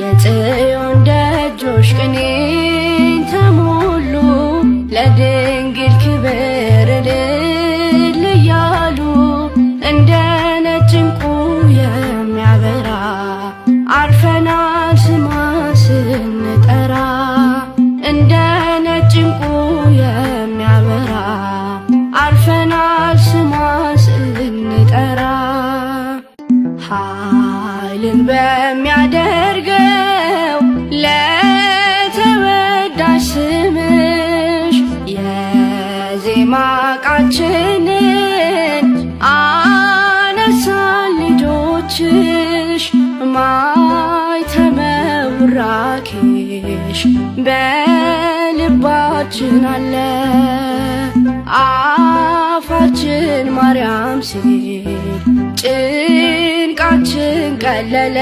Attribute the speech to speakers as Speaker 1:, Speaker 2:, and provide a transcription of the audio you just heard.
Speaker 1: የጽዮን ደጆች ቅኔን ተሞሉ ለድንግል ክብር እልል እያሉ እንደ ነጭ ዕንቁ የሚያበራ አርፈናል ስማ ስንጠራ እንደ ነጭ ዕንቁ የሚያበራ አርፈናል ስማ ስንጠራ ኃይልን በሚያደርግ ስምሽ የዜማ አነሳ አነሳን ልጆችሽ ማኅተመ ቡራኬሽ በልባችን አለ አፋችን ማርያም ሲል ጭንቃችን ቀለለ።